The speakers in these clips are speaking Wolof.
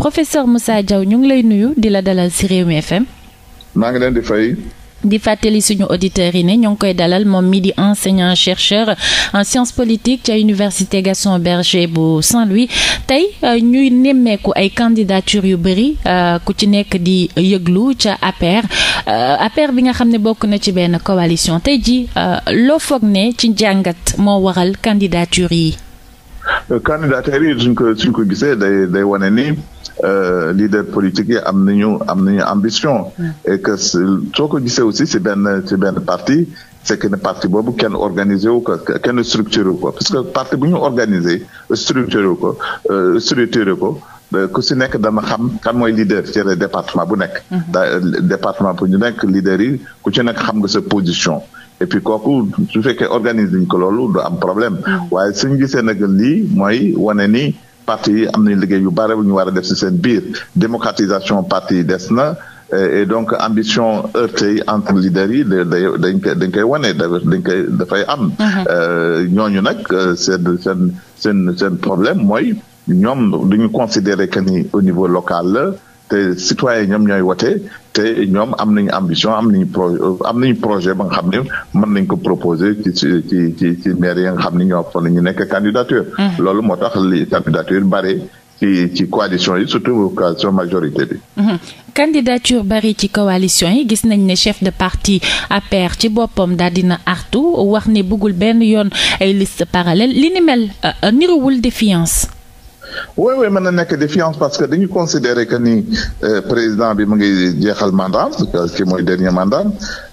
professeur Moussa Diaw ñu ngi lay nuyu di la dalal ci Rewmi FM. maa ngi leen di fay. di fàttali suñu auditeurs yi ne ñoo ngi koy dalal moom mi di enseignant chercheur en sciences politique ca université Gaston Berger bu Saint-Louis tey euh, ñuy nemmeeku ay candidature yu bëri euh, ku ci nekk di yëglu ca APR euh, APR bi nga xam ne bokk na ci benn coalition tey ji loo foog ne ci jàngat moo waral candidature yi. candidature yi suñ ko ko gisee day wane ni. euh, leader politique yi am nañu am nañu ambition. et que soo ko gisee aussi si benn si benn parti c'est que ne parti boobu kenn organisé wu ko kenn structuré wu ko parce que parti bu ñu organisé structuré wu ko euh, structuré ko. Euh, ku si nekk dana xam kan mooy leader ci département bu nekk. Mm-hmm. Euh, département bu ñu nekk leader yi ku ci nekk xam nga sa position. et puis kooku su fekkee organiser ñu ko loolu du am problème. Mm-hmm. waaye suñu gisee nag lii mooy wane ni. parti am nañu liggéey yu bare bu ñu war a def si seen biir démocratisation parti des na e donc ambition heurte yi entre leaders yi da day dañ koy dañ koy wane dañ koy dafay am. Mm-hmm. Euh, ñooñu nag euh, seen seen seen seen problème mooy ñoom duñu considérer que ni au niveau local la. te citoyens ñoom ñooy wote te ñoom am nañu ambition am nañu pro am nañu projet ba nga xam ne mën nañ ko proposer ci ci ci ci maire yi nga xam ne ñoo fa ñu nekk candidature. Mm. loolu moo tax li candidature bare ci coalition yi surtout coalition majorité bi. Mm-hmm. candidature bari ci coalition yi gis nañ ne chef de parti APR ci boppam daal dina artu wax ne bëggul benn yoon ay liste parallèle li ni mel euh, euh, niruwul défiance. oui oui mën na nekk défiance parce que dañu considérer que ni euh, président bi ma ngi jeexal mandat parce que mooy dernier mandat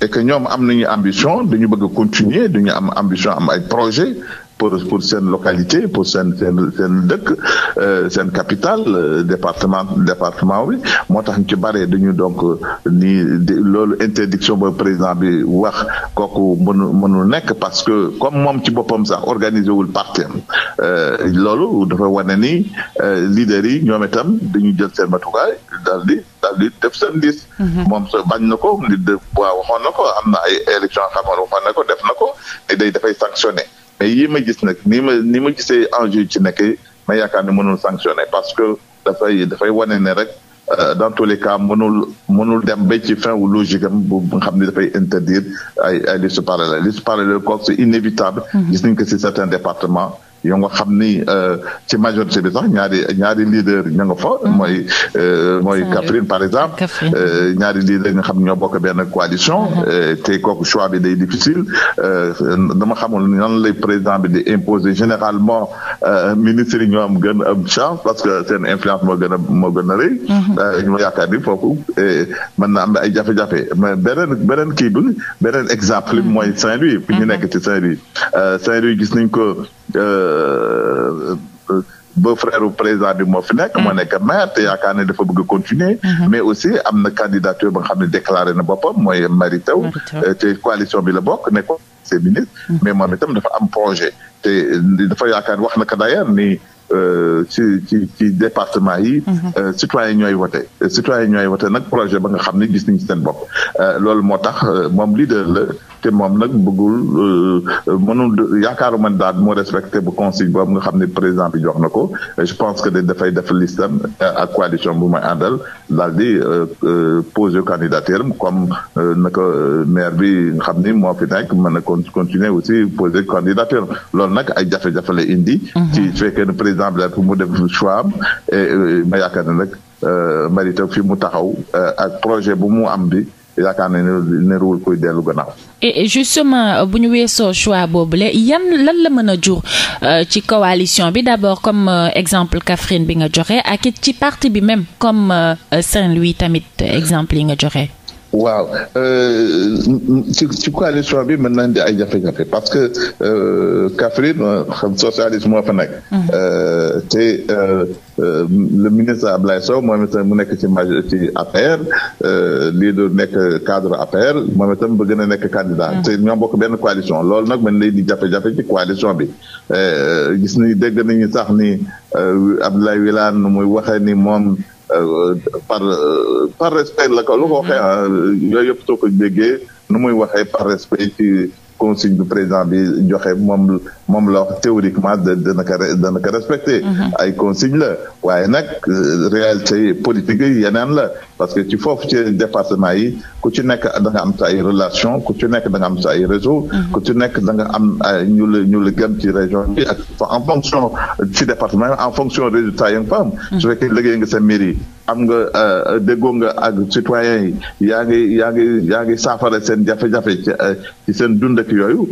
et que ñoom am nañu ambition dañu bëgg continuer dañu am ambition am ay projet pour pour seen localité pour seen seen seen dëkk euh, seen capitale euh, département département bi moo tax ñu ci bare dañu donc euh, ni loolu interdiction boo président bi wax kooku mënu mënul nekk parce que comme moom ci boppam sax organisé wul parti am loolu dafa wane ni leaders yi ñoom itam dañu jël seen matukaay daal di daal di def seen liste mhm. moom sa bañ na ko waxoon na ko am na ay élection xamoon waxoon na ko def na ko ni dafay sanctionné mais yii gis nag ni ma ni ma gisee enjeu yi ci nekk ma yaakaar ne mënul sanctionné parce que dafay dafay wane ne rek euh, dans tous les cas mënul mënul dem ba ci fin wu logique am bu nga xam ni dafay interdire ay ay listes parallèles listes parallèles kooku c'est inévitable. Mm-hmm. gis nañ ko certains départements. yoo nga xam ni euh, ci majorité bi sax ñaari ñaari leader ña nga fa. Mm-hmm. mooy euh, mooy Kaffrine par exemple. Euh, ñaari leader yi nga xam ñoo bokk benn coalition. Mm-hmm. te kooku choix bi day difficile dama xamul nan lay président bi di imposer généralement ministre yi ñoo am gën a am chance parce que seen influence moo gën a moo gën a rëy. Mm-hmm. ñu yaakaar ni foofu mën na am ay jafe-jafe mais beneen beneen kii bi beneen exemple mooy Saint-Louis. fi ñu nekk ci Saint-Louis Saint-Louis gis nañ ko. Euh, euh, ba frère présent bi moo fi nekk. moo mm. nekk maire te yaakaar ne dafa bëgg a continuer. Mm-hmm. mais aussi am na candidature ba nga xam ne déclaré na boppam mooy Mary Teuw. Euh, te coalition bi la bokk ne ko ministre. Mm-hmm. mais moom itam dafa am projet. te dafa yaakaar wax na ko d'ailleurs ni ci ci ci département yi. Mm-hmm. citoyen ñooy wote. citoyen ñooy wote nag projet ba nga xam ne gis nañ ci seen bopp loolu moo tax moom leader la. te moom nag bëggul euh, mënul yaakaaruma daal mu respecté bu consigne boobu nga xam ne président bi jox na ko je pense que dafay def listam euh, ak coalition bu may àndal daal di euh, poser candidature am comme naka maire bi xam ni moo fi nekk mën a continuer aussi poser candidature loolu nag ay jafe-jafe la indi. Mhm. ci fekkee ne président mu def soi am ma yaakaar ne nag mérite fi mu taxaw ak projet bu mu am bi. yaakaar ne neruwul kuy dellu gannaaw. et justement euh, bu ñu weesoo choix boobule yan lan la mën a jur euh, ci coalition bi d'abord comme euh, exemple Kaffrine bi nga joxe ak ci parti bi même comme Saint-Louis tamit exemple yi nga joxe. waaw euh, ci ci coalition bi mën nañ di ay jafe-jafe parce que euh, Kaffrine xam socialiste moo fa nekk. Mm-hmm. Euh, te le ministre Ablaye Sow moo itam mu nekk ci ci APR lii du nekk cadre APR moom itam bëgg na nekk candidat mm-hmm. te ñoo bokk benn coalition loolu nag mën lay di jafe-jafe ci coalition bi gis ni dégg nañu sax ni Abdoulaye Wilane muy waxee ni moom. Euh, par euh, par respect la ko lu ko waxee ah yooyu yëpp soo ko déggee nu muy waxee par respect ci consigne du président bi joxe moom moom la wax théoriquement da dana ko dana ko respecté mhm. ay consigne la waaye nag euh, réalité politique yi yeneen la parce que ci foofu ci département yi ku ci nekk danga am sa ay relation ku ci nekk da nga am sa ay réseau mhm. ku ci nekk da nga am ñu la ñu la gën ci région bi ak en fonction ci département en fonction résultat yi nga fa am mhm. su liggéey nga sa mairie am nga euh, déggoo nga ak citoyens yi yaa ngi yaa ngi saafara seen jafe-jafe euh, ci seen dund ak yooyu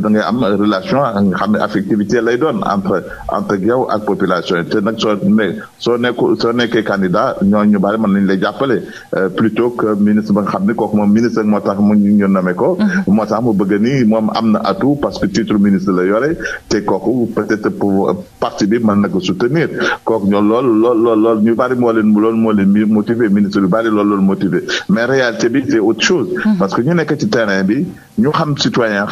da ngay am relation relation nga xam ne affectivité lay doon entre entre yow ak population te nag soo nekkee candidat ñooñu bari mën nañu lay jàppale euh, plutôt que ministre ba nga xam ne kooku moom ministre moo tax mu ñu mm-hmm. nii moom am na atout parce que titre ministre la yore te kooku peut-être pour parti bi mën na soutenir kooku ñoo lool ñu bari moo leen loolu moo ministre yu bari loolu loolu mais réalité bi c'est autre chose mm-hmm. parce que ñu nekk ci terrain bi ñu xam citoyen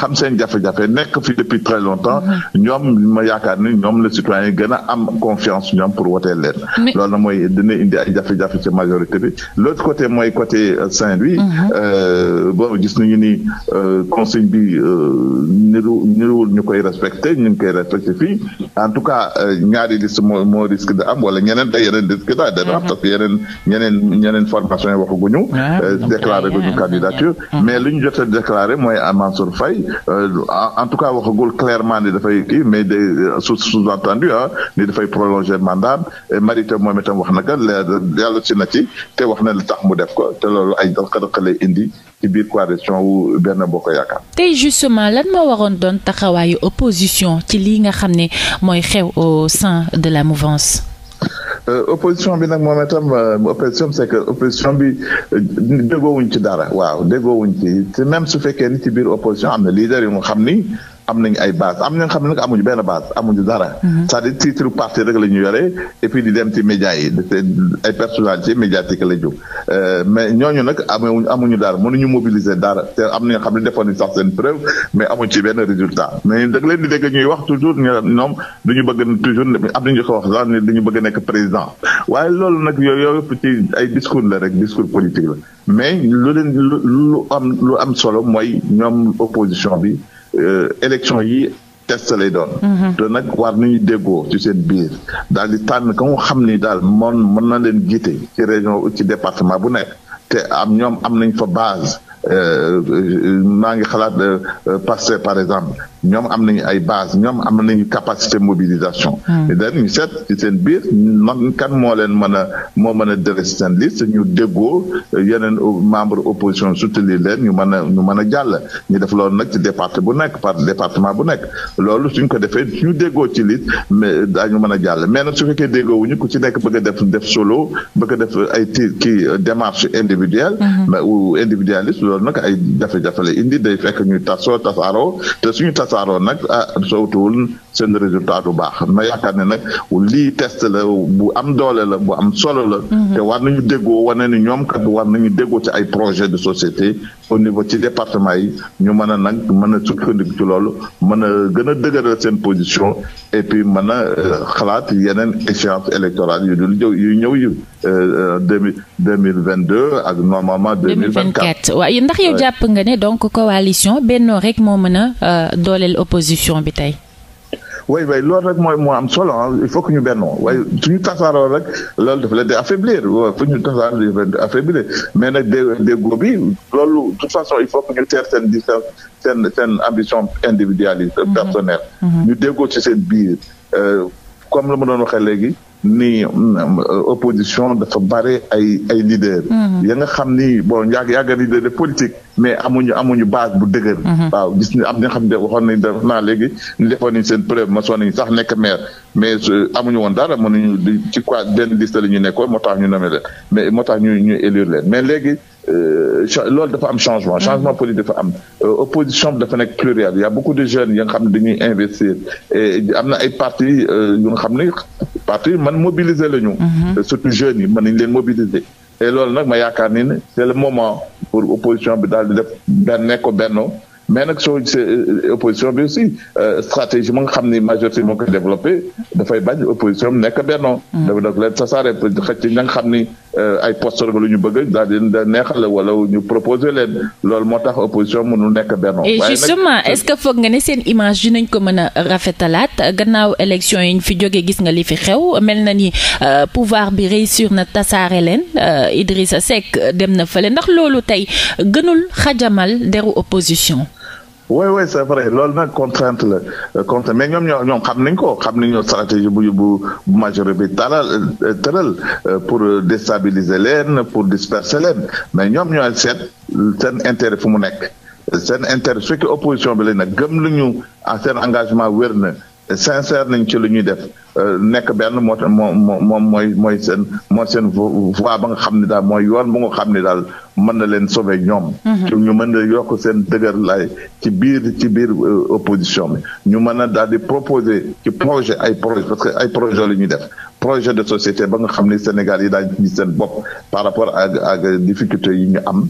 très longtemps ñoom ma yaakaar ni ñoom la citoyen gën a am confiance ñoom pour woteel leen loolu na mooy dina indi ay jafe-jafe ci majorité bi l'autre côté mooy côté euh, Saint-Louis mhm. euh, boobu gis nañu ni euh, consigne bi niru niruwul ñu koy respecté ñu ngi koy respecté fii en tout cas ñaari liste moo moo risque de am wala ñeneen ay yeneen risque da dana am mhm. parce que yeneen ñeneen ñeneen formation yi waxaguñu déclaré guñu candidature mais li ñu jot a déclaré mooy Mansour Faye en tout cas waxagul clairement ni dafay kii mais de euh, sous sous-entendu ah ni dafay prolonger mandat et Mary moom itam wax na ko yàlla si na ci te wax na li tax mu def ko te loolu ay dëkk-dëkk lay indi ci biir coalition wu benn boo ko yaakaar. tey justement lan moo waroon doon taxawaayu opposition ci lii nga xam ne mooy xew au sein de la mouvance. Euh, opposition bi nag moom itam euh, opposition c'est que opposition bi déggoowuñ ci dara waaw déggoowuñ ci même su fekkee ni ci biir opposition am na leader yu xam ni. am nañu ay base am na xam ne nag amuñu benn base amuñu dara. Mhm. c'est-à-dire titre parti rek la ñu yore et di dem ci média yi ay personnalité médiatique la ñu euh, mais ñooñu nag amuñu amuñu dara mënuñu mobiliser dara te am na nga xam ne defoon nañ sax seen preuve mais amuñ ci benn résultat mais da leen di dégg ñuy wax toujours ñoom duñu bëgg toujours am nañu ko wax sax ne dañu bëgg nekk président waaye loolu nag yooyu yëpp ci ay discours la rek discours politique la mais lu leen lu am lu am solo mooy ñoom opposition bi. Euh, élection yi test lay doon. Mhm. te nag war nañu déggoo ci seen biir daal di tànn ka xam ni daal moom mën na leen jiite ci région ci département bu nekk te am ñoom am nañ fa base. Euh, maa ngi xalaat euh, Pastef par exemple ñoom am nañu ay base ñoom am nañu capacité mobilisation. dañuy hmm. seet ci seen biir man kan moo leen mën a moo mën a dérégler seen liste ñu déggoo yeneen membre opposition soutenir leen ñu mën a ñu mën a jàll ñu def loolu nag ci département bu nekk par département bu nekk loolu suñ ko defee ñu déggoo ci liste mais daañu mën a jàll mais nag su fekkee déggoo wuñu ci nekk bëgg a def def solo bëgg a def ay ti kii démarche individuelle. Hmm. ou individualiste loolu nag ay jafe-jafe la indi day fekk ñu tasoo tasaaroo te suñu tasaaroo nag ah sowtuwul seen résultat bu baax na yaakaar ne nag lii test la bu am doole la bu am solo la. Mm-hmm. te war nañu déggoo wane ni ñoom kat war nañu déggoo ci ay projet de société. au niveau ci département yi ñu mën a nag mën a sukkandiku ci loolu mën a gën a dëgëral seen position et puis mën a euh, xalaat yeneen échéance électorale yu dul jëw yu ñëw yu euh, deux mille deux mille vingt deux ak normalement deux mille vingt quatre waaye ndax yow jàpp nga ne donc coalition Benno rek moo mën a euh, dooleel opposition bi tey. way way loolu rek mooy moo am solo ah, il faut que ñu bennoo waaye suñu tasaaroo rek loolu dafa leen di affaiblir fu ñu tasaaroo dafa affaiblir mais nag déggoo bi loolu de toute façon il faut que ñu teer seen distance seen seen ambition individualiste mhm. personnelle mhm. ñu déggoo ci seen biir euh, comme la ma doon waxee léegi ni mm, opposition dafa bare ay ay leaders. Mm-hmm. ya nga xam ni bon yàgg yàgg leader de politique. mais amuñu amuñu base bu dëgër. Mm-hmm. waaw gis ni am na nga xam ne waxoon nañ def léegi ñu defoon seen preuve ma sonn nañ sax nekk maire mais euh, amuñu woon dara mënuñu di ci quoi benn liste la ñu nekkoon moo tax ñu nommé mais moo tax ñu ñu élire mais léegi. Euh, loolu dafa am changement mm-hmm. changement politique dafa am euh, opposition bi dafa nekk pluriel y a jeunes yi nga xam ne dañuy investir et am na ay partis yu nga xam ne parti man mobiliser la ñu. Mhm. surtout jeunes yi man nañ leen mobiliser. et lool nag ma yaakaar ni ne le moment pour opposition bi daal di def benn nekk ko bennoo mais nag soo gisee euh, opposition bi aussi euh, stratégie ma nga xam ni majorité moo koy développé dafay bañ opposition bi nekk bennoo. Mhm. dafa def leen tasaare xëcc ña nga xam ni Euh, ay postes rek lu ñu bëgg daal di leen neexale wala ñu proposer leen loolu moo tax opposition mënul nekk benn. waaye nag justement est-ce que foog nga ne seen image nañ ko mën a rafetalaat gannaaw élection yi ñu fi jógee gis nga li fi xew mel na ni euh, pouvoir bi réussir na tasaare leen euh, Idrissa Seck dem na fële ndax loolu tey gënul xajamal deru opposition. oui oui c' est vrai loolu nag contrainte la euh, contrainte mais ñoom ñoo ñoom xam nañ ko xam nañu stratégie bu bu bu majorité bi taral euh, tëral euh, pour déstabiliser leen pour disperser leen mais ñoom ñooy seet seen intérêt fu mu nekk seen intérêt su fekkee opposition bi lañ nag gëm ñu nañu ah, seen engagement wér na. sincère nañ ci lu ñuy def euh, nekk benn moo tax moom mooy mooy seen mooy seen voie ba nga xam ne daal mooy yoon bu nga xam ni daal mën na leen sauver ñoom. ci mm-hmm. ñu mën na yokk seen dëgër laay ci biir ci biir euh, opposition bi ñu mën a daal di proposer ci projet ay projet parce que ay projet lu ñuy def projet de société ba nga xam ne Sénégal yi daal ci seen bopp par rapport ak ak difficulté yi ñu am.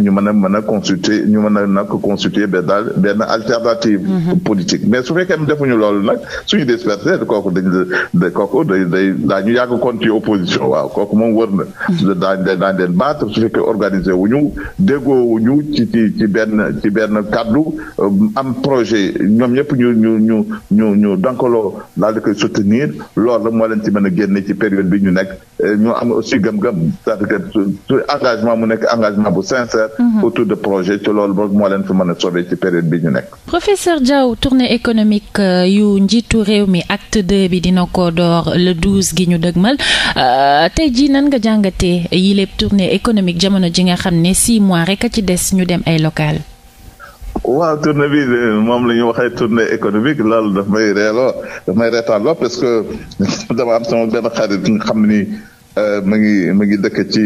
ñu mën a mën a constituer ñu mën a nag constituer benn daal benn alternative mhm. politique mais su fekkee defuñu loolu nag suñu dispersé kooku dañ kooku day day daañu yàgg continuer opposition waaw kooku moom wër na daañ mhm. daañ leen battre su fekkee organiser wu ñu wuñu ci ci ci benn ci benn kàddu euh, am projet ñoom ñëpp ñu ñu ñu ñu ñu dankaloo daal di koy soutenir loolu la moo leen ci mën a ci période bi ñu nekk ñoo am aussi gëm-gëm c'est-à-dire que engagement mu nekk engagement bu sincère. Mhm. autour de projet ci loolu boog moo leen fi mën a sobee ci période bi ñu nekk. professeur Diaw tournée euh, yu njiitu réew mi acte bi dina ko door le douze gi ñu dëgmal euh, tey jii nan nga jàngatee yi lépp tournée économique jamono ji nga xam ne six mois rek ci des ñu dem ay local waaw tournée moom la ñu waxee tournée économique loolu daf may reeloo daf may reetaan loo parce que dama am sama benn xarit xam ni Euh, mu ngi mu ngi dëkk ci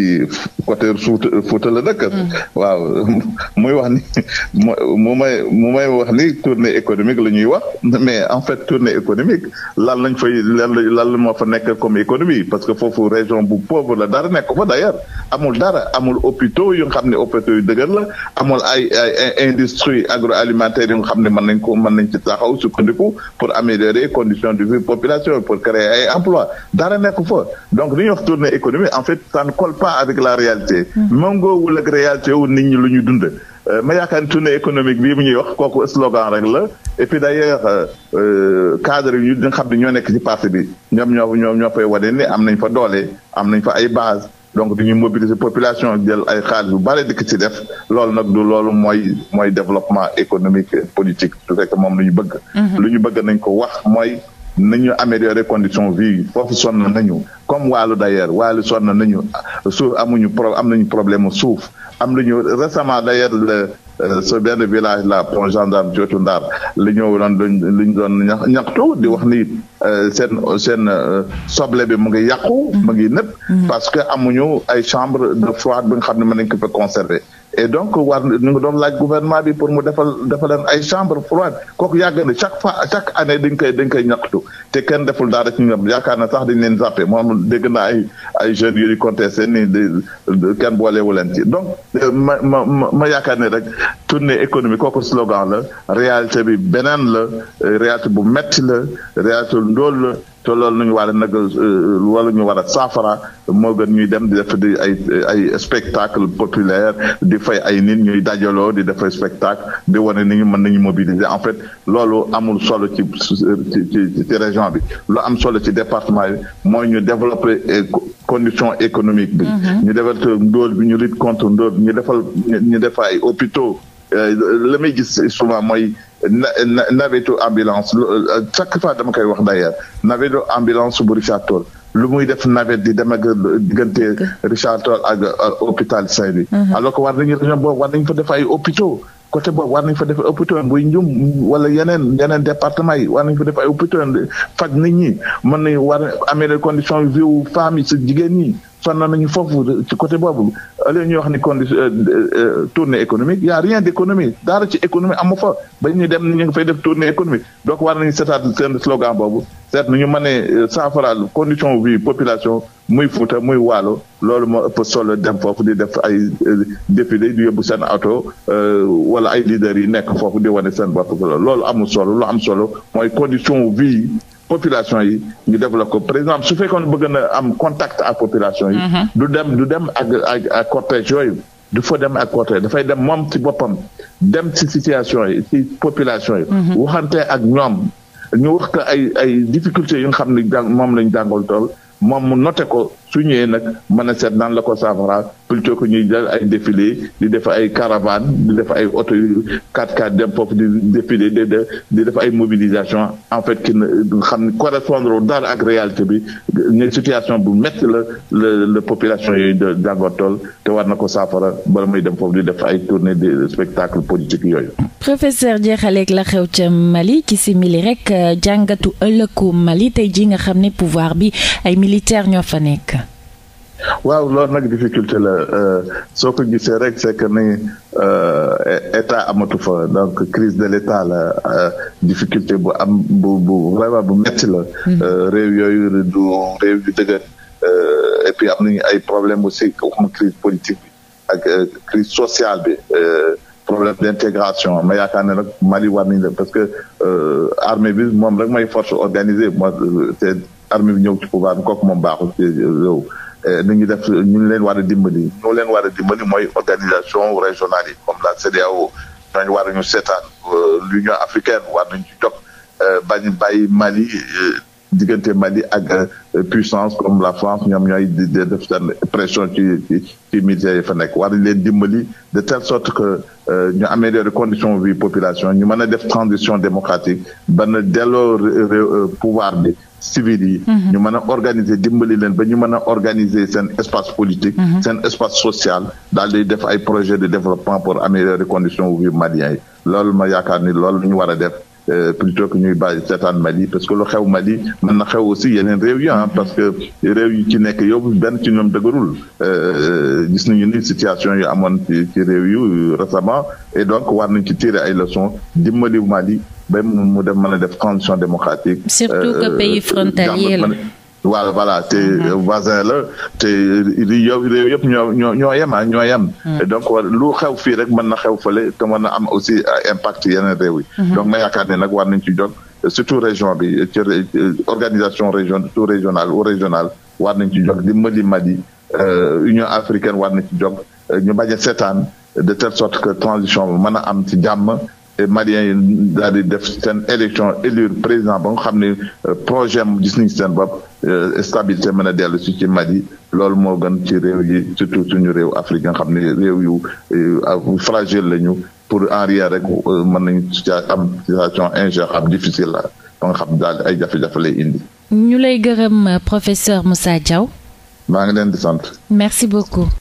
côté Fuuta Fuuta la dëkk. Mm. waaw muy wax ni mu may mu may wax ni tournée économique la ñuy wax mais en fait tournée économique lan lañ fay lan lan moo fa nekk comme économie parce que foofu région bu pauvre la dara nekk fa d'ailleurs amul dara amul hôpitaux yu nga xam ne hôpitaux yu dëgër la amul ay ay industrie agroalimentaire yu nga xam ne mën nañ ko mën nañ ci taxaw sukkandiku pour améliorer conditions de vie population pour créer ay emplois dara nekk fa donc li ñuy tournée économique en fait ça ne colle pas avec la réalité. méngoowul ak réalité wu nit ñi lu ñu dund. Euh, ma yaakaar ni tournée économique bii mu ñuy wax kooku slogan rek la et da d'ailleurs euh, euh, cadre yi ñu xam ne ñoo nekk ci parti bi ñoom ñoo ñoo fay wane ni am nañ fa doole am nañ fa ay base donc dañuy mobiliser population jël ay xaalis bu bare dikk ci def loolu nag du loolu mooy mooy développement économique politique du fekk moom lu ñu bëgg. Mhm. lu bëgg nañ ko wax mooy. nañu améliorer condition vie foofu sonn nañu comme waalu walo waalu sonn nañu suuf amuñu pro am nañu problème suuf am nañu récemment d'ailleurs le euh, ce benn village là pont gendarme Cootu Ndar li ñëw doon doon ñax ñaxtu di wax ni euh, seen seen euh, soble bi mu ngi yàqu mu ngi nëpp mm-hmm. parce que amuñu ay chambre de froide bi xam ne mën nañ ko fa conserver e donc war ñu ngi doon laaj gouvernement bi pour mu defal defal leen ay chambre froide kooku yàgg na chaque fois chaque année dañ koy dañ koy ñaxtu te kenn deful daar ci ñoom yaakaar na sax dañ leen zappé moom dégg naa ay ay jeunes yu di contesté nii kenn boolewu leen ci donc euh, ma ma ma yaakaar ne rek tournée économique kooku slogan la réalité bi beneen la réalité bu metti la réalité ndool te loolu la ñu war a euh, ñu war a saafara moo gën ñuy dem di def di ay ay spectacle populaire di fay ay nit ñuy dajaloo di def ay spectacle di wane ni ñu mën nañu mobiliser en fait loolu amul solo ci ci région bi lu am solo ci département yi mooy ñu développer condition économique bi. Mm-hmm. ñu développé ndóol ñu lutte contre bi ñu defal ñu def ay hôpitaux euh, li gis souvent mooy. na nawetu ambulance euh, chaque fois dama koy wax d'ailleurs nawetu ambulance bu Richard Toll lu muy def navette di dem ak euh, diggante Richard Toll ak euh, hôpital Saint-Louis mhm. alors que war nañu région boobu war nañu fa def ay côté boobu war nañ fa def hôpital buy njum wala yeneen yeneen département yi war nañ fa def ay hôpital fag nit ñi mën nañ war améliorer condition yu viwu yi si jigéen ñi sonn nañu foofu ci côté boobu ëllëg ñuy wax ni condition euh, euh, tournée économique y a rien d' économie dara ci économie amu fa ba ñu dem ñu ngi fay def tournée économique donc war nañu seetaat seen slogan boobu seet nu ñu mënee euh, saafaraal condition vie population muy Fuuta muy Waalo loolu moo ëpp solo dem foofu di def ay euh, défilé di yóbbu seen auto euh, wala ay leaders yi nekk foofu di wane seen bopp loolu amul solo lu am solo mooy condition vie population yi ñu développé ko par exemple su fekkoon bëgg na am contact ak population yi. Mhm. du dem du dem ak ak ak cortège yooyu. du fa dem ak côté dafay dem moom ci boppam dem si situation yi si population yi. Mhm. waxante ak ñoom ñu wax ko ay ay difficultés yu xam ne jàng moom lañ jàngal tool moom mu noté ko su ñëwee nag mën na seet naan la ko saafara plutôt que ñuy dal ay défilé di def ay caravane di def ay oto yu 4x4 dem foofu di défilé def ay mobilisation en fait ki xam ne correspondre dara ak réalité bi ne situation bu métti la la la population yooyu de jàngoon te war na ko saafara bala muy dem foofu di def ay tournée de spectacle politique yooyu. professeur jeexaleeg la xew ca Mali ci simili rek jàngatu ëllëgu Mali tey ji nga xam ne pouvoir bi ay militaire ñoo fa nekk. waaw loolu nag difficulté la euh, soo ko gisee rek c'est que ni euh, état amatu fa donc crise de l'état la euh, difficulté bu am bu bu vraiment bu metti la. Mm-hmm. réew yooyu du réew yu dëgër et puis am nañu ay problème aussi comme crise politique bi ak crise sociale bi. problème d'intégration ma yaakaar ne nag Mali war nañu def parce que armée bi moom rek may force organisée moi te armée bi ñëw ci pouvoir bi moom baaxu ci Euh, nu ñu def ñu leen war a dimbali ñu leen war a dimbali mooy organisation régionale yi comme la CEDEAO ñooñu war ñu seetaan euh, l'Union africaine war nañ ci jóg euh, bañ bàyyi Mali diggante Mali ak euh, puissance comme la France ñoom ñooy di def seen pression ci yi fa nekk war leen dimbali de telle sorte que euh, ñu améliorer condition vie population ñu mën a def transition démocratique ba na delloo euh, pouvoir bi civil yi mhm. ñu mën a organiser dimbali leen ba ñu mën a organiser seen espace politique mhm. seen espace social daal di def ay projet de développement pour améliorer condition vie malien yi loolu ma yaakaar ni loolu ñu war a def Euh, plutôt que ñuy bàyyi setaan Mali parce que lu xew Mali man na xew aussi yeneen réew yi ah parce que réew yi ci nekk yow benn ci ñoom dëgërul euh, euh, gis nañu ni situation yi amoon ci ci réew yu récemment et donc war nañ ci tirer ay leçons dimbali Mali ba mu dem mën a def transition démocratique. surtout que pays frontalier voilà voilà te mhm. voisin la te yow réew yëpp ñoo ñoo ñoo yem ah ñoo yem. Mhm. donc lu xew fii rek mën na xew fële te mën na am aussi ah, impact yeneen réew yi. Mhm. donc ma yaakaar ne nag war nañ ci jóg surtout région bi ci organisation région tout régionale ou régionale war nañ ci jóg di Mali Mali euh, Union africaine war nañ ci jóg euh, ñu bañ a seetaan de telle sorte que transition bi mën a am ci jàmm. Maliens yi daal di def ten élection élire président ba nga xam ne euh, projet am gis nañ seen bopp euh, stabilité mën a dellu si ci Mali loolu moo gën ci réew yi surtout suñu réew Afrique nga xam ne réew yu fragile lañu pour en rek euh, mën nañu am situation ingérable difficile la ba nga xam daal ay jafe-jafe lay indi. ñu lay gërëm professeur Moussa Diaw. maa ngi leen di sant. merci beaucoup.